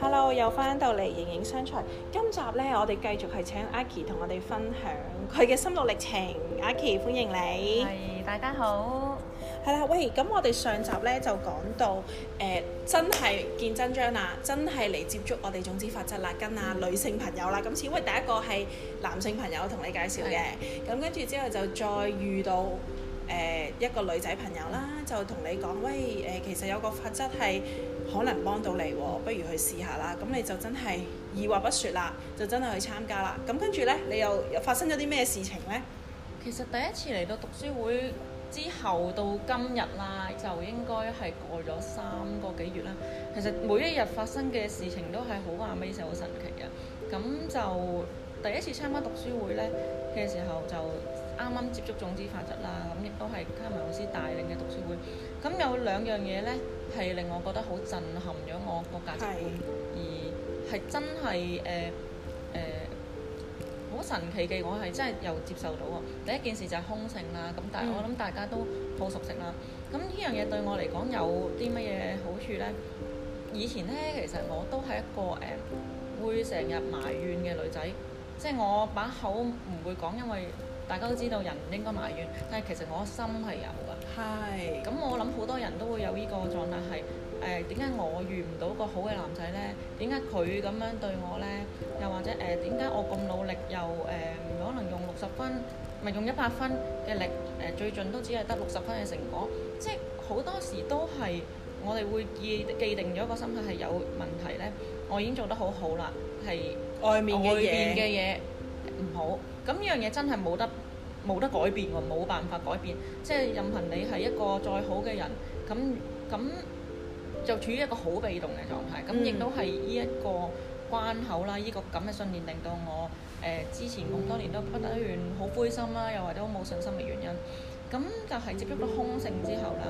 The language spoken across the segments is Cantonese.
Hello，又翻到嚟形影相隨。今集呢，我哋繼續係請阿琪同我哋分享佢嘅心路歷程。阿琪，歡迎你。係大家好。係啦，喂，咁我哋上集呢，就講到誒、呃，真係見真章啦，真係嚟接觸我哋種子法則啦，跟啊女性朋友啦。咁，始會第一個係男性朋友同你介紹嘅，咁跟住之後就再遇到誒、呃、一個女仔朋友啦。就同你講，喂，誒、呃，其實有個法則係可能幫到你、哦，不如去試下啦。咁你就真係二話不説啦，就真係去參加啦。咁跟住呢，你又發生咗啲咩事情呢？其實第一次嚟到讀書會之後到今日啦，就應該係過咗三個幾月啦。其實每一日發生嘅事情都係好阿咩，好神奇嘅。咁就第一次參加讀書會呢嘅時候就。啱啱接觸種子法則啦，咁亦都係卡文老師帶領嘅讀書會。咁有兩樣嘢咧，係令我覺得好震撼咗我個價值觀，而係真係誒誒好神奇嘅。我係真係又接受到喎。第一件事就係空性啦，咁但係我諗大家都好熟悉啦。咁呢樣嘢對我嚟講有啲乜嘢好處咧？以前咧，其實我都係一個誒會成日埋怨嘅女仔，即係我把口唔會講，因為。大家都知道人唔應該埋怨，但係其實我心係有㗎。係，咁我諗好多人都會有呢個狀態係，誒點解我遇唔到個好嘅男仔呢？點解佢咁樣對我呢？又或者誒點解我咁努力又誒，可能用六十分，咪用一百分嘅力，誒最盡都只係得六十分嘅成果。即係好多時都係我哋會既既定咗個心態係有問題呢。我已經做得好好啦，係外面嘅嘢嘅嘢唔好。咁樣嘢真係冇得。冇得改變喎，冇辦法改變。即係任憑你係一個再好嘅人，咁咁就處於一個好被動嘅狀態。咁亦都係呢一個關口啦，呢個咁嘅信念令到我誒之前咁多年都不得願好灰心啦，又或者好冇信心嘅原因。咁就係接觸到空性之後啦，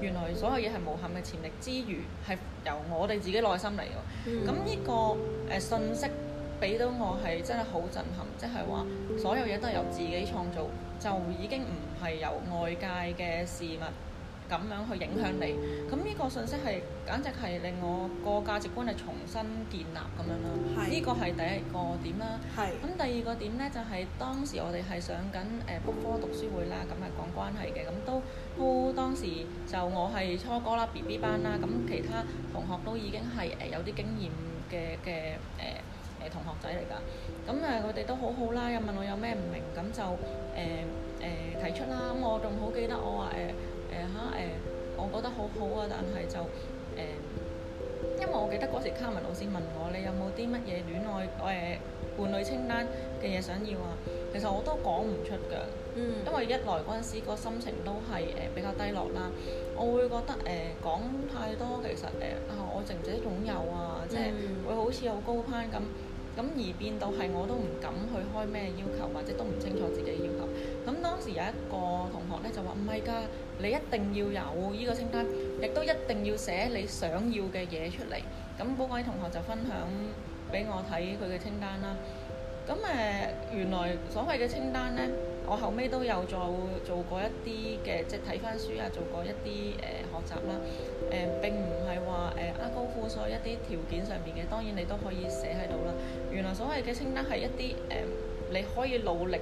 原來所有嘢係無限嘅潛力之餘，係由我哋自己內心嚟嘅。咁呢個誒信息。俾到我係真係好震撼，即係話所有嘢都係由自己創造，就已經唔係由外界嘅事物咁樣去影響你。咁呢、嗯、個信息係簡直係令我個價值觀係重新建立咁樣囉。呢是個係第一個點啦。咁是第二個點呢，就係、是、當時我哋係上緊誒、呃、科讀書會啦，咁係講關係嘅，咁都都當時就我係初哥啦，B B 班啦，咁其他同學都已經係誒、呃、有啲經驗嘅嘅誒。同學仔嚟㗎，咁誒佢哋都好好啦，又問我有咩唔明，咁就誒誒、呃呃、提出啦。咁我仲好記得我話誒誒嚇誒，我覺得好好啊，但係就誒、呃，因為我記得嗰時卡文老師問我你有冇啲乜嘢戀愛誒、呃、伴侶清單嘅嘢想要啊，其實我都講唔出㗎，嗯，因為一來嗰陣時、個心情都係誒、呃、比較低落啦，我會覺得誒、呃、講太多其實誒啊、呃、我剩者總有啊，即係、嗯、會好似好高攀咁。咁而變到係我都唔敢去開咩要求，或者都唔清楚自己要求。咁當時有一個同學咧就話唔係㗎，你一定要有呢個清單，亦都一定要寫你想要嘅嘢出嚟。咁嗰位同學就分享俾我睇佢嘅清單啦。咁誒、呃，原來所謂嘅清單咧。我後尾都有再做過一啲嘅，即係睇翻書啊，做過一啲誒、呃、學習啦。誒、呃、並唔係話誒啊高夫所一啲條件上面嘅，當然你都可以寫喺度啦。原來所謂嘅清單係一啲誒、呃、你可以努力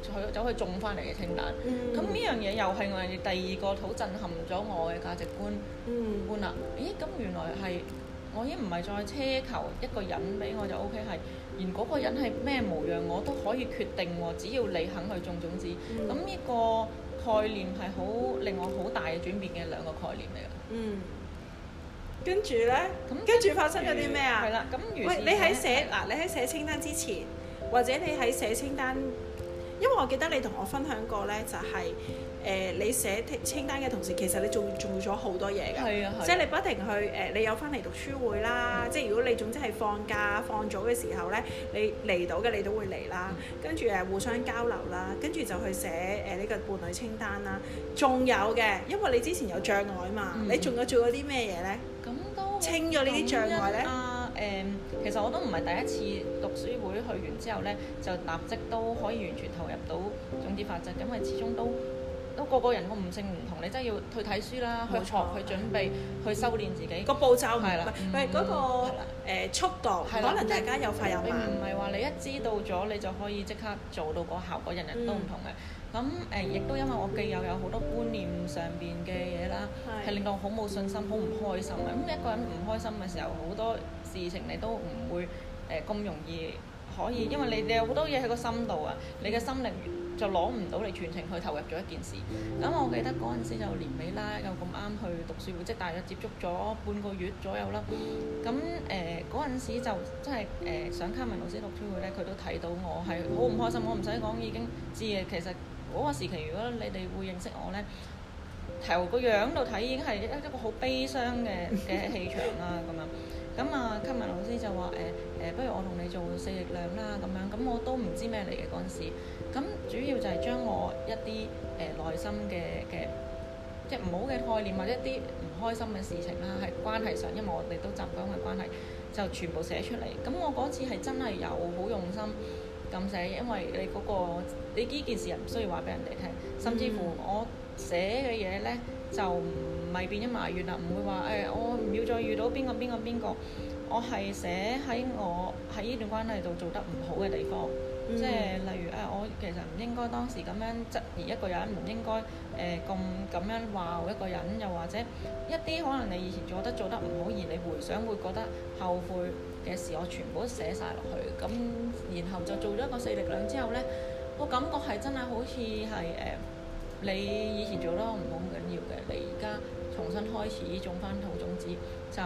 去走去種翻嚟嘅清單。咁呢、mm hmm. 樣嘢又係我哋第二個好震撼咗我嘅價值觀觀啦。咦、mm？咁、hmm. 原來係我已經唔係再奢求一個人俾我就 O K 係。連嗰個人係咩模樣，我都可以決定喎。只要你肯去種種子，咁呢、嗯、個概念係好令我好大嘅轉變嘅兩個概念嚟嘅。嗯，跟住呢？咁跟住發生咗啲咩啊？係啦，咁喂，你喺寫嗱，了你喺寫清單之前，或者你喺寫清單，因為我記得你同我分享過呢，就係、是。誒、呃，你寫清清單嘅同時，其實你仲做咗好多嘢㗎，即係你不停去誒、呃。你有翻嚟讀書會啦，嗯、即係如果你總之係放假放早嘅時候呢，你嚟到嘅你都會嚟啦。嗯、跟住誒互相交流啦，跟住就去寫誒呢個伴侶清單啦。仲有嘅，因為你之前有障礙嘛，嗯、你仲有做咗啲咩嘢呢？咁都、嗯、清咗呢啲障礙呢？誒、嗯嗯嗯，其實我都唔係第一次讀書會去完之後呢，就立即都可以完全投入到總之，法係因為始終都。都個個人個悟性唔同，你真係要去睇書啦，去學，去準備，去修煉自己個步驟，係啦，唔係嗰個誒速度，可能大家有快有慢。唔係話你一知道咗，你就可以即刻做到個效果，人人都唔同嘅。咁誒，亦都因為我既又有好多觀念上面嘅嘢啦，係令到我好冇信心，好唔開心。咁一個人唔開心嘅時候，好多事情你都唔會誒咁容易可以，因為你你有好多嘢喺個心度啊，你嘅心靈。就攞唔到你全程去投入咗一件事，咁我記得嗰陣時就年尾啦，又咁啱去讀書會，即係大約接觸咗半個月左右啦。咁誒嗰陣時就真係誒想卡文老師讀書會咧，佢都睇到我係好唔開心，我唔使講已經知嘅。其實嗰個時期，如果你哋會認識我咧。頭個樣度睇已經係一一個好悲傷嘅嘅氣場啦。咁樣咁啊，昆文老師就話：誒誒，不如我同你做四力量啦。咁樣咁我都唔知咩嚟嘅嗰陣時。咁主要就係將我一啲誒內心嘅嘅即係唔好嘅概念，或者一啲唔開心嘅事情啦，係關係上，因為我哋都習慣嘅關係，就全部寫出嚟。咁我嗰次係真係有好用心咁寫，因為你嗰個你呢件事又唔需要話俾人哋聽，甚至乎我。寫嘅嘢呢，就唔係變咗埋怨啦，唔會話誒、哎、我唔要再遇到邊個邊個邊個，我係寫喺我喺呢段關係度做得唔好嘅地方，嗯、即係例如啊、哎，我其實唔應該當時咁樣質疑一個人，唔應該誒咁咁樣話一個人，又或者一啲可能你以前做得做得唔好而你回想會覺得後悔嘅事，我全部都寫曬落去，咁然後就做咗一個四力量之後呢，我感覺係真係好似係誒。呃你以前做都唔好咁緊要嘅，你而家重新開始種翻土種，種子就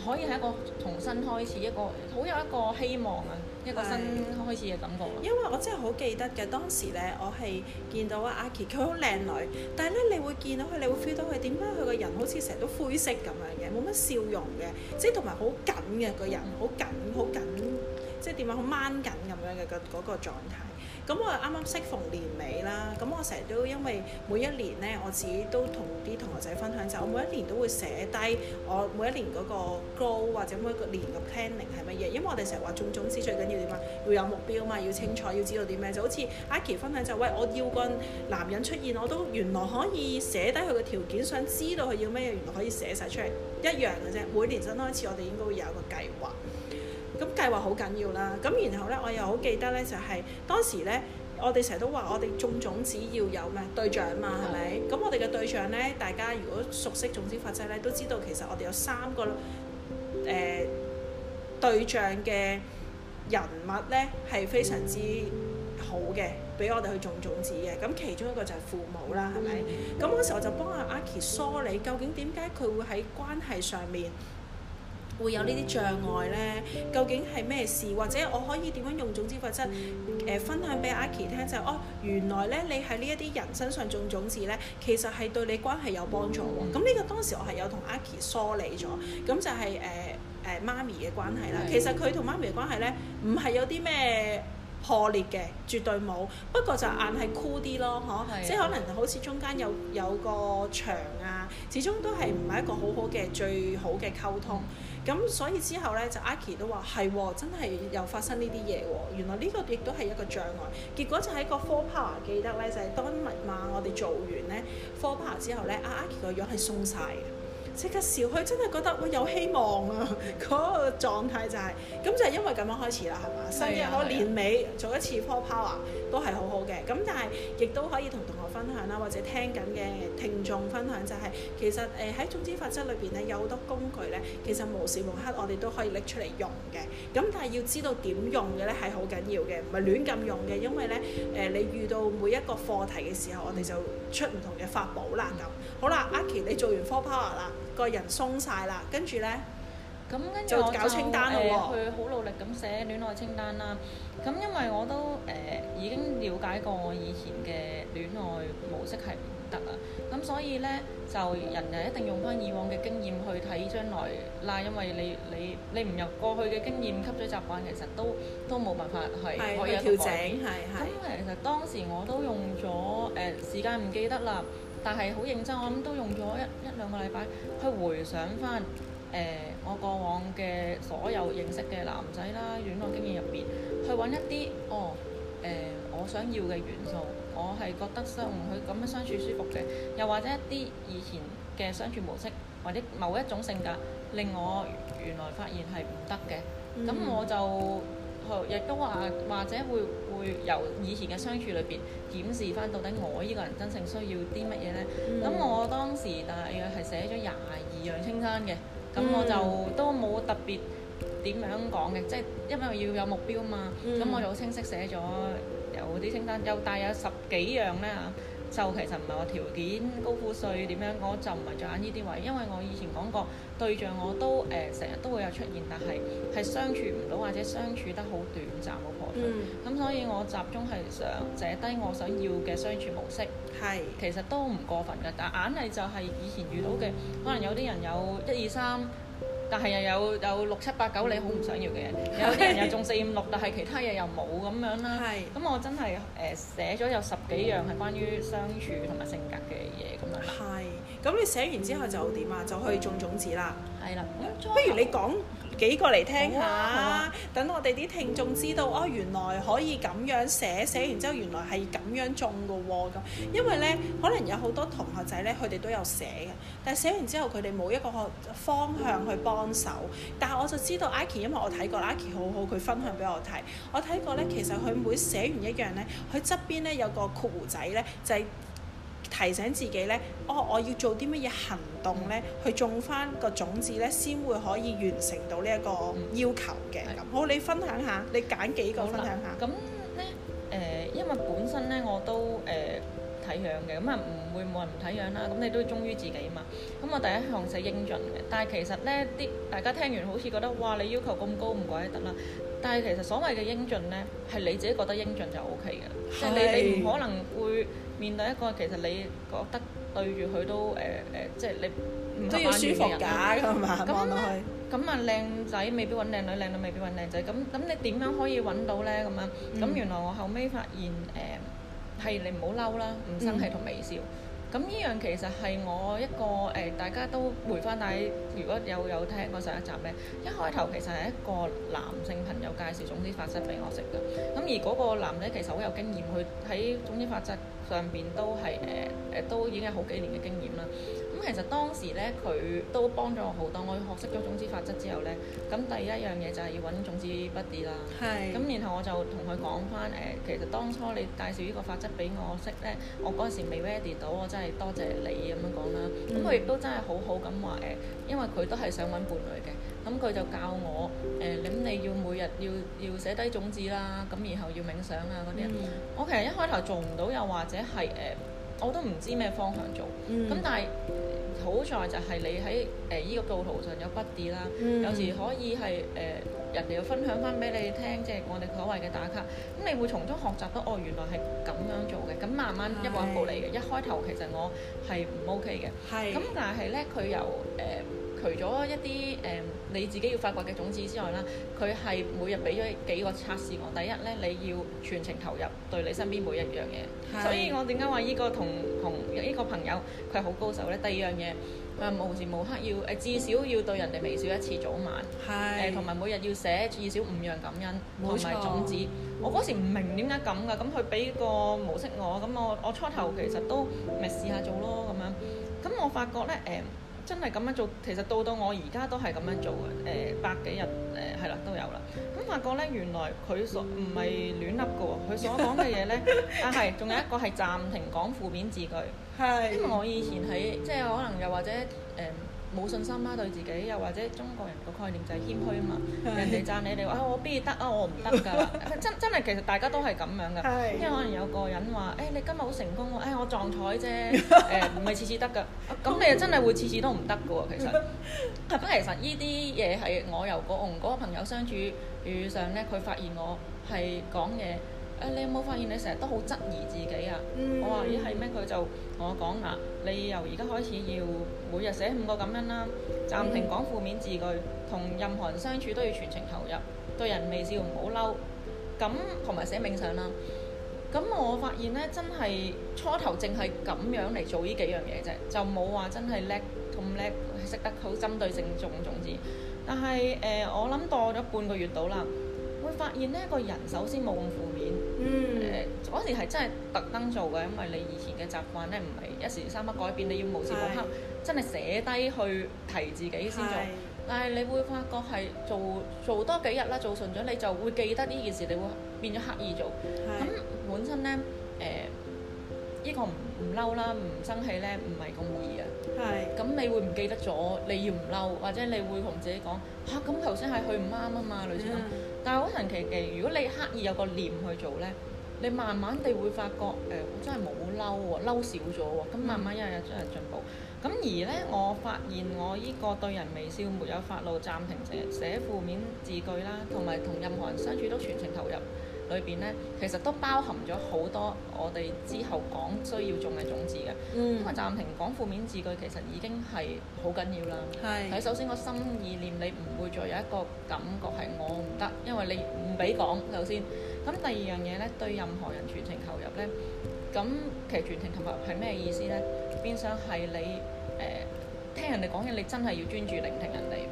可以係一個重新開始一個好有一個希望啊，一個新開始嘅感覺，嗯。因為我真係好記得嘅當時咧，我係見到阿阿 Aki 佢好靚女，但係咧你會見到佢，你會 feel 到佢，點解佢個人好似成日都灰色咁樣嘅，冇乜笑容嘅，即係同埋好緊嘅個人，好緊好緊，即係點樣好掹緊咁樣嘅個嗰個狀咁我啱啱適逢年尾啦，咁我成日都因為每一年咧，我自己都同啲同學仔分享就是，我每一年都會寫低我每一年嗰個 goal 或者每一個年嘅 planning 係乜嘢，因為我哋成日話種種子最緊要點啊，要有目標啊嘛，要清楚要知道啲咩，就好似阿琪分享就是，喂我要個男人出現，我都原來可以寫低佢嘅條件，想知道佢要咩，原來可以寫晒出嚟一樣嘅啫。每年新開始，我哋應該會有一個計劃。咁計劃好緊要啦，咁然後咧，我又好記得咧，就係、是、當時咧，我哋成日都話我哋種種子要有咩對象嘛，係咪？咁 我哋嘅對象咧，大家如果熟悉種子法則咧，都知道其實我哋有三個誒、呃、對象嘅人物咧，係非常之好嘅，俾我哋去種種子嘅。咁其中一個就係父母啦，係咪？咁嗰時我就幫阿阿 Aki 梳理，究竟點解佢會喺關係上面，會有呢啲障礙呢？究竟係咩事？或者我可以點樣用種子法則誒分享俾阿 Key 聽就係、哦，原來呢，你喺呢一啲人身上種種子呢，其實係對你關係有幫助喎。咁呢、嗯、個當時我係有同阿 Key 梳理咗，咁就係誒誒媽咪嘅關係啦。是其實佢同媽咪嘅關係呢，唔係有啲咩破裂嘅，絕對冇。不過就硬係酷啲咯，嗬，即係可能好似中間有有個牆啊，始終都係唔係一個好好嘅最好嘅溝通。咁所以之後咧，就阿 Ki 都話係、哦，真係又發生呢啲嘢喎。原來呢個亦都係一個障礙。結果就喺個科帕記得咧，就係、是、當密碼我哋做完咧科帕之後咧，阿、啊、Ki 個樣係鬆晒。即刻笑，佢真係覺得我有希望啊！嗰 個狀態就係、是，咁就係因為咁樣開始啦，係嘛 吧？新年我年尾 做一次 Power 都係好好嘅，咁但係亦都可以同同學分享啦，或者聽緊嘅聽眾分享就係、是，其實誒喺總之法則裏邊咧有好多工具咧，其實無時無刻我哋都可以拎出嚟用嘅。咁但係要知道點用嘅咧係好緊要嘅，唔係亂咁用嘅，因為咧誒你遇到每一個課題嘅時候，我哋就。出唔同嘅法寶啦咁，好啦，阿 Key 你做完 four power 啦，個人鬆晒啦，呢跟住咧就，就搞清單咯喎，佢好、呃、努力咁寫戀愛清單啦。咁因為我都誒、呃、已經了解過我以前嘅戀愛模式係。得啦，咁所以咧就人就一定用翻以往嘅經驗去睇將來啦，因為你你你唔入過去嘅經驗吸咗習慣，其實都都冇辦法係可以調整。咁其實當時我都用咗誒時間唔記得啦，但係好認真，我諗都用咗一一兩個禮拜去回想翻誒我過往嘅所有認識嘅男仔啦，戀愛經驗入面去揾一啲哦。想要嘅元素，mm hmm. 我係覺得相佢咁樣相處舒服嘅，又或者一啲以前嘅相處模式，或者某一種性格令我原來發現係唔得嘅。咁、mm hmm. 我就亦都話，或者會會由以前嘅相處裏邊檢視翻到底我呢個人真正需要啲乜嘢呢？咁、mm hmm. 我當時大約係寫咗廿二樣清單嘅，咁我就、mm hmm. 都冇特別點樣講嘅，即係因為要有目標嘛。咁、mm hmm. 我就好清晰寫咗。啲清單又帶有十幾樣咧嚇，就其實唔係我條件高富帥點樣，我就唔係著眼呢啲位，因為我以前講過對象我都誒成日都會有出現，但係係相處唔到或者相處得好短暫嘅過程，咁、嗯、所以我集中係想寫低我想要嘅相處模式，係、嗯、其實都唔過分㗎，但係硬係就係以前遇到嘅，嗯、可能有啲人有一二三。但係又有有六七八九你好唔想要嘅嘢，有啲人又中四五六，但係其他嘢又冇咁樣啦。係，咁我真係誒、呃、寫咗有十幾樣係關於相處同埋性格嘅嘢咁樣啊。係，咁你寫完之後就點啊？就可以種種子啦。係、嗯、啦，不如你講。嗯幾個嚟聽下，等、啊、我哋啲聽眾知道、啊、哦，原來可以咁樣寫，寫完之後原來係咁樣種㗎喎咁。因為咧，可能有好多同學仔咧，佢哋都有寫嘅，但係寫完之後佢哋冇一個方向去幫手。但係我就知道，阿奇因為我睇過阿奇好好，佢分享俾我睇，我睇過咧，其實佢每寫完一樣咧，佢側邊咧有個括弧仔咧，就係、是。提醒自己咧，哦，我要做啲乜嘢行動咧，嗯、去種翻個種子咧，先會可以完成到呢一個要求嘅。咁、嗯。好，你分享下，你揀幾個分享下。咁咧，誒、呃，因為本身咧我都誒睇、呃、樣嘅，咁啊唔會冇人唔睇樣啦。咁你都忠於自己嘛。咁我第一項寫英俊嘅，但係其實咧啲大家聽完好似覺得哇，你要求咁高唔怪得啦。但係其實所謂嘅英俊呢，係你自己覺得英俊就 O K 嘅，是即係你你唔可能會面對一個其實你覺得對住佢都誒誒、呃呃，即係你都要舒服㗎，係嘛？望落去，咁啊靚仔未必揾靚女，靚女未必揾靚仔，咁咁你點樣可以揾到呢？咁啊，咁、嗯、原來我後尾發現誒，係、呃、你唔好嬲啦，唔生氣同微笑。嗯咁呢樣其實係我一個誒、呃，大家都回翻底。但如果有有聽過上一集呢，一開頭其實係一個男性朋友介紹總之法則俾我識㗎。咁而嗰個男咧其實好有經驗，佢喺總之法則上邊都係誒誒都已經係好幾年嘅經驗啦。咁其實當時咧，佢都幫咗我好多。我學識咗種子法則之後咧，咁第一樣嘢就係要揾種子 buddy 啦。係。咁然後我就同佢講翻誒，其實當初你介紹呢個法則俾我識咧，我嗰陣時未 ready 到，我真係多謝你咁樣講啦。咁佢亦都真係好好咁話誒，因為佢都係想揾伴侶嘅。咁佢就教我誒，咁你要每日要要寫低種子啦，咁然後要冥想啊嗰啲。我其實一開頭做唔到，又或者係誒。我都唔知咩方向做，咁、嗯、但係好在就係你喺誒呢個道途上有 buddy 啦，有時可以係誒、呃、人哋有分享翻俾你聽，即、就、係、是、我哋所謂嘅打卡，咁你會從中學習到哦，原來係咁樣做嘅，咁慢慢一步一步嚟嘅。是一開頭其實我係唔 OK 嘅，咁是但係咧佢由誒。除咗一啲誒、嗯、你自己要發掘嘅種子之外啦，佢係每日俾咗幾個測試我。第一咧，你要全程投入對你身邊每一樣嘢。是所以我點解話依個同同依個朋友佢係好高手咧？第二樣嘢佢係無時無刻要誒、呃，至少要對人哋微笑一次早晚。係是。同埋、呃、每日要寫至少五樣感恩同埋錯種子。我嗰時唔明點解咁噶，咁佢俾個模式我，咁我我初頭其實都咪、嗯、試下做咯咁樣。咁我發覺咧誒。嗯真係咁樣做，其實到到我而家都係咁樣做嘅。誒、呃、百幾日誒係啦，都有啦。咁發覺咧，原來佢所唔係亂笠嘅喎，佢所講嘅嘢咧， 啊係，仲有一個係暫停講負面字句。係的，因為我以前喺即係可能又或者誒。呃冇信心啦、啊，對自己又或者中國人個概念就係謙虛啊嘛，人哋讚你你話啊，我必得啊，我唔得㗎啦，真真係其實大家都係咁樣㗎， 因為可能有個人話誒、哎，你今日好成功喎、啊哎，我撞彩啫，誒唔係次次得㗎，咁、啊、你又真係會次次都唔得㗎喎，其實，咁 其實呢啲嘢係我由我同嗰個朋友相處遇上咧，佢發現我係講嘢，誒、哎、你有冇發現你成日都好質疑自己啊？ 嗯、我話咦係咩？佢、嗯、就同我講啊，你由而家開始要。每日寫五個感恩啦，暫停講負面字句，同任何人相處都要全情投入，對人微笑，唔好嬲。咁同埋寫冥想啦。咁我發現咧，真係初頭淨係咁樣嚟做呢幾樣嘢啫，就冇話真係叻咁叻，識得好針對性種種字。但係誒，我諗度咗半個月到啦，會發現咧個人首先冇咁負面。嗯。誒，嗰時係真係特登做嘅，因為你以前嘅習慣咧，唔係一時三刻改變，你要無時無刻。真係寫低去提自己先做，但係你會發覺係做做多幾日啦，做順咗你就會記得呢件事，你會變咗刻意做。咁本身咧，誒呢個唔唔嬲啦，唔生氣咧，唔係咁易啊。咁你會唔記得咗？你要唔嬲，或者你會同自己講嚇咁，頭先係去唔啱啊嘛，類似咁。但係好神奇嘅，如果你刻意有個念去做咧，你慢慢地會發覺誒，我真係冇嬲喎，嬲少咗喎。咁慢慢一日一日進步。咁而咧，我發現我呢個對人微笑，沒有發怒，暫停寫寫負面字句啦，同埋同任何人相處都全情投入裏邊咧，其實都包含咗好多我哋之後講需要種嘅種子嘅。嗯、因為暫停講負面字句，其實已經係好緊要啦。係是，首先個心意念，你唔會再有一個感覺係我唔得，因為你唔俾講首先。咁第二樣嘢咧，對任何人全情投入咧，咁其實全情投入係咩意思咧？變相係你誒、呃、聽人哋講嘢，你真係要專注聆聽人哋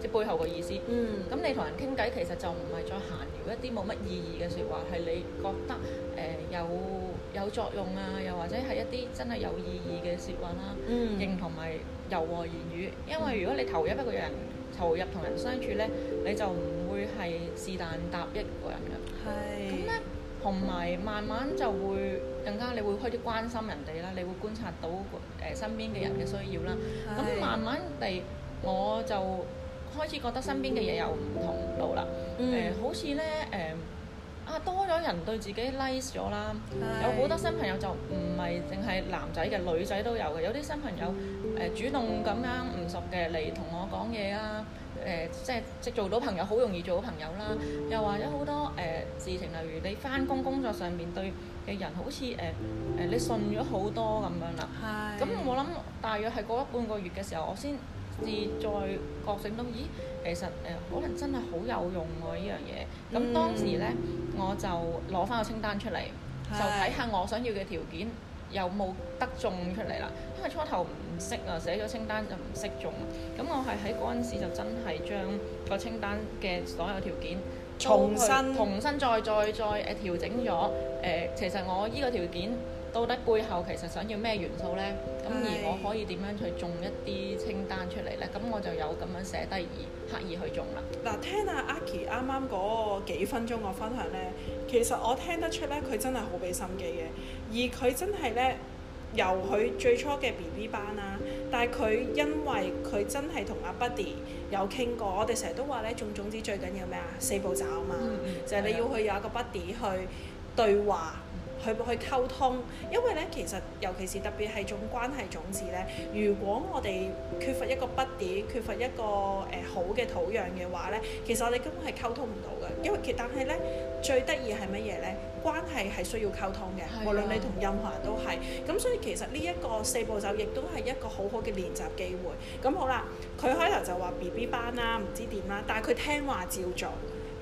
即背後嘅意思。嗯，咁你同人傾偈其實就唔係再閒聊一啲冇乜意義嘅説話，係你覺得誒、呃、有有作用啊，又或者係一啲真係有意義嘅説話啦、啊。嗯，認同埋柔和言語，因為如果你投入一個人、嗯、投入同人相處呢，你就唔會係是但答一個人㗎。係。同埋慢慢就會更加，你會開始關心人哋啦，你會觀察到誒、呃、身邊嘅人嘅需要啦。咁是慢慢地，我就開始覺得身邊嘅嘢有唔同路啦。誒、嗯呃，好似咧誒啊，多咗人對自己 nice、like、咗啦，是有好多新朋友就唔係淨係男仔嘅，女仔都有嘅。有啲新朋友誒、呃、主動咁樣唔熟嘅嚟同我講嘢啊～誒、呃、即係即做到朋友好容易做到朋友啦，又或者好多誒、呃、事情，例如你翻工工作上面對嘅人，好似誒誒你信咗好多咁樣啦。係是。咁我諗大約係過咗半個月嘅時候，我先至再覺醒到，咦，其實誒、呃、可能真係好有用喎、啊、呢樣嘢。咁、嗯、當時咧，我就攞翻個清單出嚟，是就睇下我想要嘅條件有冇得中出嚟啦。因為初頭。識啊，寫咗清單就唔識種啦。咁我係喺嗰陣時就真係將個清單嘅所有條件重新重新再再再誒調整咗。誒、呃，其實我依個條件到底背後其實想要咩元素呢？咁是而我可以點樣去種一啲清單出嚟呢？咁我就有咁樣寫低而刻意去種啦。嗱，聽阿 Aki 啱啱嗰幾分鐘嘅分享呢，其實我聽得出呢，佢真係好俾心機嘅，而佢真係呢。由佢最初嘅 BB 班啦，但係佢因為佢真係同阿 Buddy 有傾過，我哋成日都話咧種種子最緊要咩啊？四步驟啊嘛。嗯嗯、就係你要去有一個 Buddy 去對話，去去溝通。因為咧，其實尤其是特別係種關係種子咧，如果我哋缺乏一個 Buddy，缺乏一個誒、呃、好嘅土壤嘅話咧，其實我哋根本係溝通唔到。因為其實但係咧，最得意係乜嘢咧？關係係需要溝通嘅，的無論你同任何人都係。咁、嗯、所以其實呢一個四步走亦都係一個好好嘅練習機會。咁好啦，佢開頭就話 B B 班啦、啊，唔知點啦、啊，但係佢聽話照做。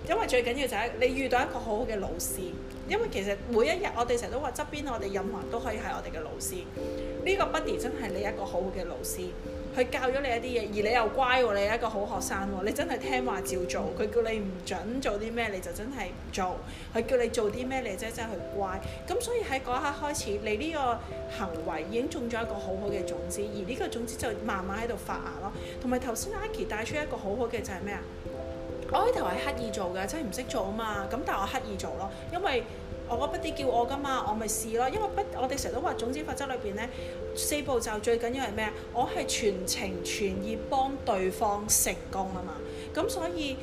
因為最緊要就係你遇到一個好好嘅老師。因為其實每一日我哋成日都話側邊我哋任何人都可以係我哋嘅老師。呢、這個 Buddy 真係你一個好好嘅老師。佢教咗你一啲嘢，而你又乖喎，你係一個好學生喎，你真係聽話照做。佢叫你唔準做啲咩，你就真係唔做。佢叫你做啲咩，你真真係乖。咁所以喺嗰一刻開始，你呢個行為已經種咗一個好好嘅種子，而呢個種子就慢慢喺度發芽咯。同埋頭先 Nike 帶出一個好好嘅就係咩啊？我呢頭係刻意做㗎，真係唔識做啊嘛。咁但係我刻意做咯，因為。我嗰 buddy 叫我噶嘛，我咪試咯，因為不我哋成日都話種子法則裏邊咧四步驟最緊要係咩啊？我係全情全意幫對方成功啊嘛，咁所以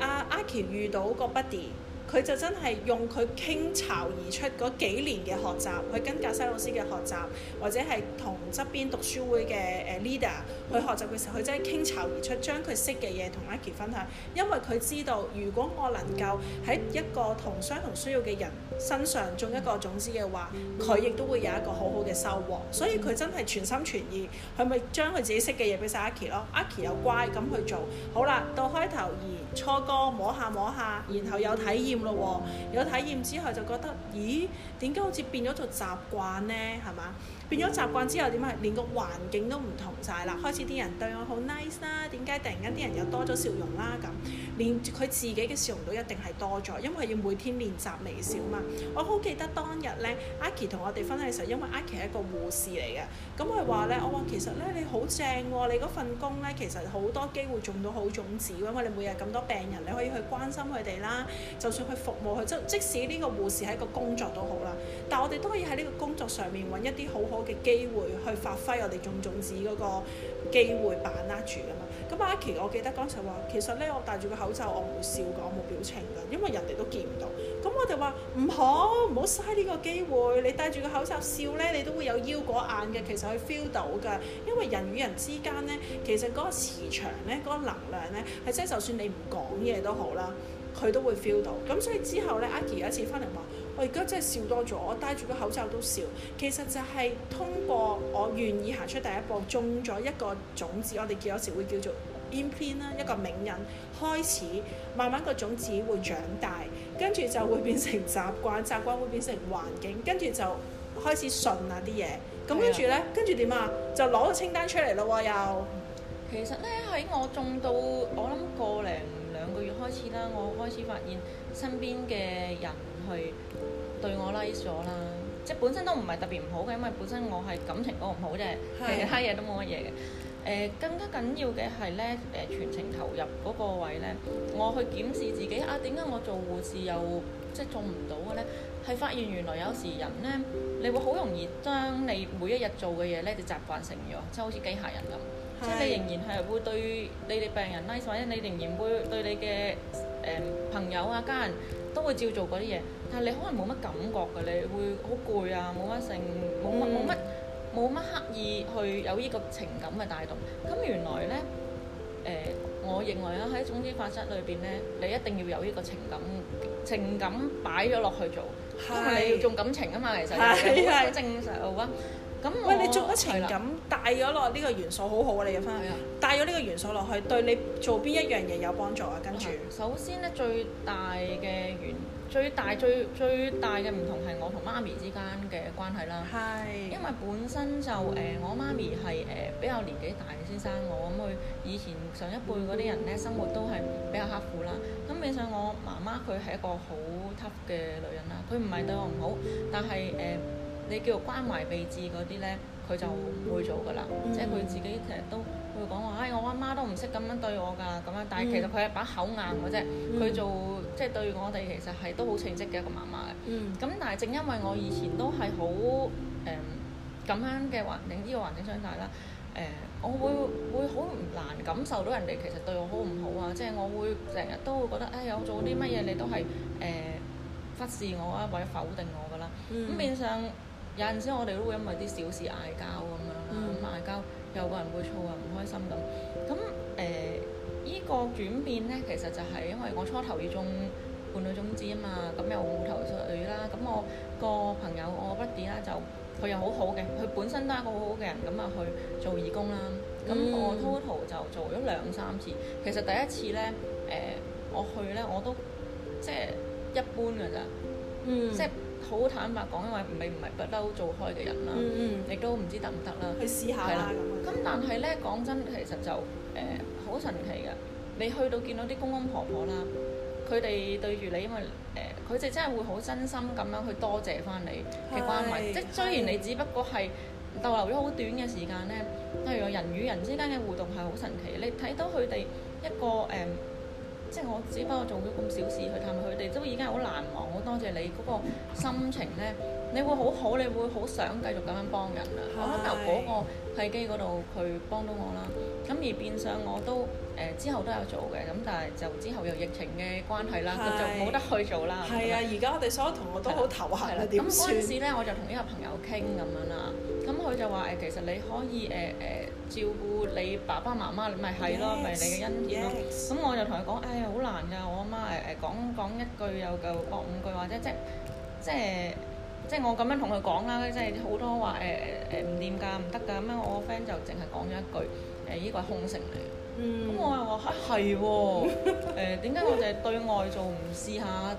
阿阿喬遇到個 buddy。佢就真係用佢傾巢而出幾年嘅學習去跟格西老師嘅學習，或者係同側邊讀書會嘅誒、uh, leader 去學習嘅時候，佢真係傾巢而出，將佢識嘅嘢同阿 K 分享。因為佢知道，如果我能夠喺一個同相同需要嘅人。身上種一個種子嘅話，佢亦都會有一個好好嘅收穫。所以佢真係全心全意，佢咪將佢自己識嘅嘢俾晒阿 Key 咯。阿 Key 又乖咁去做，好啦，到開頭兒初哥摸下摸下，然後有體驗咯喎，有體驗之後就覺得，咦，點解好似變咗做習慣呢？係嘛？變咗習慣之後點解連個環境都唔同晒啦，開始啲人對我好 nice 啦，點解突然間啲人又多咗笑容啦？咁連佢自己嘅笑容都一定係多咗，因為要每天練習微笑嘛。我好記得當日咧，阿琪同我哋分享嘅時候，因為阿琪係一個護士嚟嘅，咁佢話咧：我話其實咧，你好正喎，哦，你嗰份工咧，其實好多機會種到好種子，因為你每日咁多病人，你可以去關心佢哋啦。就算去服務佢，即即使呢個護士係一個工作都好啦，但係我哋都可以喺呢個工作上面揾一啲好好嘅機會去發揮我哋種種子嗰個機會，把握住噶嘛。咁阿琪，我記得當時話，其實咧，我戴住個口罩，我唔會笑噶，我冇表情噶，因為人哋都見唔到。咁我哋話唔好唔好嘥呢個機會，你戴住個口罩笑咧，你都會有腰果眼嘅，其實佢 feel 到嘅，因為人與人之間咧，其實嗰個磁場咧，嗰個能量咧，係即係就算你唔講嘢都好啦，佢都會 feel 到。咁所以之後咧，阿 Key 有一次翻嚟話：我而家真係笑多咗，我戴住個口罩都笑。其實就係通過我願意行出第一步，種咗一個種子，我哋叫有時會叫做。編編啦，print，一個名人開始慢慢個種子會長大，跟住就會變成習慣，習慣會變成環境，跟住就開始順啊啲嘢。咁跟住咧，跟住點啊？就攞個清單出嚟咯喎！又其實咧，喺我種到我諗個零兩個月開始啦，我開始發現身邊嘅人去對我 like 咗啦。即係本身都唔係特別唔好嘅，因為本身我係感情嗰個唔好啫，的其他嘢都冇乜嘢嘅。誒更加緊要嘅係咧，誒全程投入嗰個位咧，我去檢視自己啊，點解我做護士又即係做唔到嘅咧？係發現原來有時人咧，你會好容易將你每一日做嘅嘢咧，就習慣成咗，即係好似機械人咁。是即係你仍然係會對你哋病人 nice，或者你仍然會對你嘅誒、呃、朋友啊、家人都會照做嗰啲嘢，但係你可能冇乜感覺嘅，你會好攰啊，冇乜性，冇乜冇乜。冇乜刻意去有呢個情感嘅帶動，咁原來咧，誒、呃，我認為啦喺總之法則裏邊咧，你一定要有呢個情感，情感擺咗落去做，是因為你要重感情啊嘛，其實係正常啊。的喂，我你做個情感帶咗落呢個元素的好好啊！你入翻，的帶咗呢個元素落去，對你做邊一樣嘢有幫助啊？跟住，首先咧，最大嘅原，最大最最大嘅唔同係我同媽咪之間嘅關係啦。係的。因為本身就誒、呃，我媽咪係誒、呃、比較年紀大嘅先生，我諗佢以前上一輩嗰啲人咧，生活都係比較刻苦啦。咁比起上我媽媽，佢係一個好 tough 嘅女人啦。佢唔係對我唔好，但係誒、呃你叫關懷備至嗰啲咧，佢就唔會做噶啦。嗯、即係佢自己成日都會講話：唉、哎，我阿媽都唔識咁樣對我㗎咁樣。但係其實佢係把口硬嘅啫。佢做、嗯、即係對我哋其實係都好稱職嘅一個媽媽嘅。咁、嗯、但係正因為我以前都係好誒咁樣嘅環境，呢、呢個環境長大啦。誒、呃，我會會好難感受到人哋其實對我好唔好啊。即係我會成日都會覺得，唉、哎，我做啲乜嘢你都係誒、呃、忽視我啊，或者否定我㗎啦。咁變、嗯、相。有陣時我哋都會因為啲小事嗌交咁樣，咁嗌交，有個人會燥啊，唔開心咁。咁誒，依、呃、這個轉變咧，其實就係因為我初頭要種伴侶種子啊嘛，咁又冇頭緒啦。咁我個朋友我 Buddy 啦，就佢又好好嘅，佢本身都係一個好好嘅人，咁，啊去做義工啦。咁、嗯、我 total 就做咗兩三次。其實第一次咧，誒、呃、我去咧我都即係一般㗎咋，嗯、即係。好坦白講，因為你唔係不嬲做開嘅人啦，嗯、亦都唔知得唔得啦，去試下啦咁。的嗯、但係咧講真，其實就誒好、呃、神奇嘅，你去到見到啲公公婆婆啦，佢哋對住你因為誒，佢、呃、哋真係會好真心咁樣去多謝翻你嘅關懷。是即係雖然你只不過係逗留咗好短嘅時間咧，但係人與人之間嘅互動係好神奇。你睇到佢哋一個誒。呃即係我，只不過做咗咁小事去探佢哋，都已經好難忘，好多謝你嗰、嗰個心情咧。你會好好，你會好想繼續咁樣幫人啦。是我由嗰個契機嗰度，去幫到我啦。咁而變相我都誒、呃、之後都有做嘅，咁但係就之後有疫情嘅關係啦，是就冇得去做啦。係啊，而家樣我哋所有同學都好投下嘅點算？咁嗰陣時咧，我就同呢個朋友傾咁樣啦。咁佢就話誒，其實你可以誒誒。呃呃呃呃照顧你爸爸媽媽，就是、是 yes，你咪係咯，咪你嘅恩典咯。咁 Yes. 我就同佢、哎呃、講，誒好難㗎，我阿媽誒誒講講一句又就講五句或者即即即即我咁樣同佢、呃呃、講啦，即係好多話誒誒唔掂㗎，唔得㗎。咁樣我個 friend 就淨係講一句，誒呢個係空性嚟。咁、mm. 我又話嚇係喎，點、啊、解、呃、我哋對外做唔試下？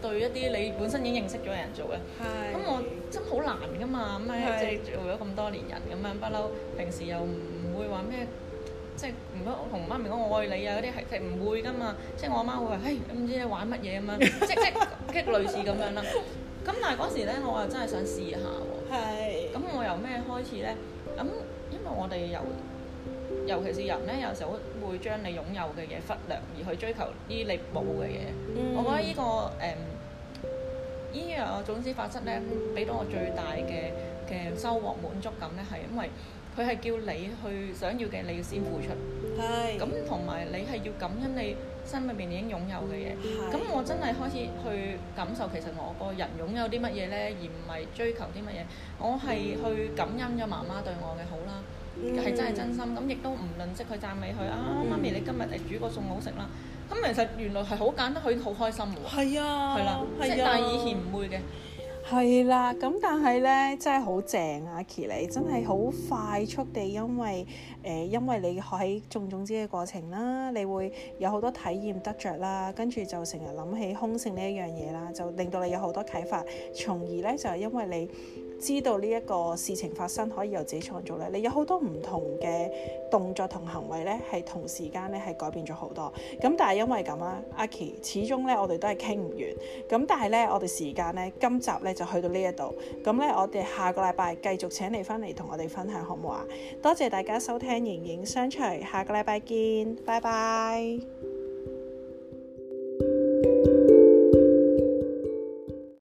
對一啲你本身已經認識咗嘅人做咧，咁是、嗯、我真好難噶嘛，咁、嗯、是即係做咗咁多年人，咁樣不嬲，平時又唔會話咩，即係唔、啊、 我同媽咪講我愛你啊嗰啲係即唔會噶嘛，即係我阿媽會話，哎，唔知你玩乜嘢咁樣，即即即類似咁樣啦。咁 但係嗰時咧，我又真係想試下喎。係。咁我由咩開始咧？咁、嗯、因為我哋由……尤其是人咧，有時候會會將你擁有嘅嘢忽略，而去追求啲你冇嘅嘢。嗯、我覺得呢、呢個誒依樣總之法則咧，俾到我最大嘅嘅收穫滿足感咧，係因為佢係叫你去想要嘅，你要先付出。係咁對，同埋你係要感恩你心裏面已經擁有嘅嘢。咁對我真係開始去感受，其實我個人擁有啲乜嘢咧，而唔係追求啲乜嘢。我係去感恩咗媽媽對我嘅好啦。對嗯係真係真心，咁亦都唔吝惜去讚美佢、嗯、啊！媽咪，你今日嚟煮個餸好食啦！咁其實原來係好簡單，佢好開心喎。係啊，係啦，即啊！啊但係以前唔會嘅。係啦、啊，咁但係咧，真係好正啊奇，你真係好快速地，因為誒、呃，因為你喺種種之嘅過程啦，你會有好多體驗得着啦，跟住就成日諗起空性呢一樣嘢啦，就令到你有好多啟發，從而咧就係因為你。知道呢一個事情發生可以由自己創造咧，你有好多唔同嘅動作同行為呢係同時間呢係改變咗好多。咁但係因為咁啦，阿 k e 始終呢，我哋都係傾唔完。咁但係呢，我哋時間呢，今集呢就去到呢一度。咁呢，我哋下個禮拜繼續請你返嚟同我哋分享，好唔好啊？多謝大家收聽《盈盈相隨》，下個禮拜見，拜拜。